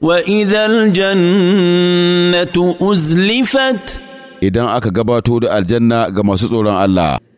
وإذا الجنة أزلفت إذا أكا قباتو الجنة كما سطولا الله